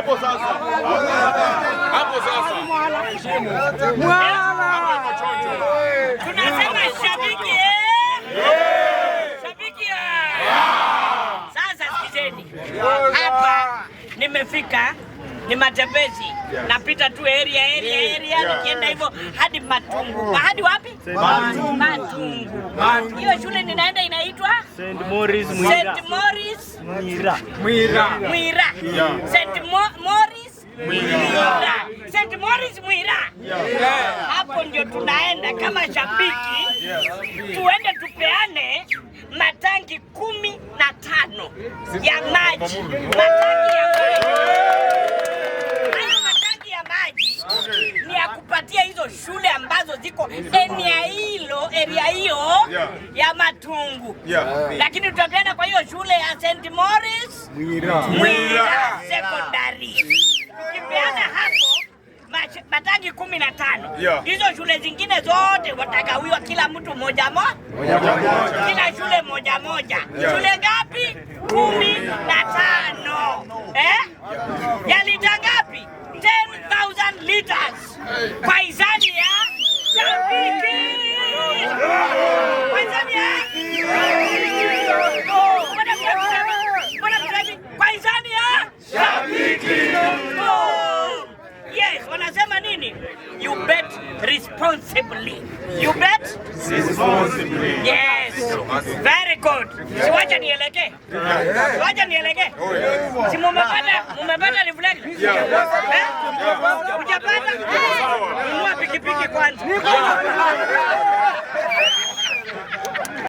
hapo sasa, hapo sasa tunasema shabiki eh? shabiki. Eh? Sasa sikizeni hapa, nimefika ni matembezi yes. Napita tu area area area yeah. Nikienda hivyo hadi Matungu hadi wapi? Matungu, Matungu. Hiyo shule ninaenda inaitwa St. Morris Mwira. St. Morris Mwira. Mwira. Mwira. St. Morris Mwira. St. Morris Mwira. Hapo ndio tunaenda kama shabiki yeah. Tuende tupeane matangi kumi na tano ya maji matangi iko area hilo eria hiyo yeah. ya Matungu yeah. Lakini tutakwenda kwa hiyo shule ya St. Morris Mwira, Mwira Secondary ukipeana hapo matangi kumi na tano hizo yeah. Shule zingine zote watagawiwa kila mtu moja moja, kila shule moja moja yeah. Shule ngapi? kumi na tano eh? ya lita ngapi? 10,000 liters kwa nini? you bet responsibly. You bet responsibly. Yes. Very good. Si wacha nielekee. Wacha nielekee. Si mumepata, mumepata reflect. Eh? Hujapata? Nunua pikipiki kwanza.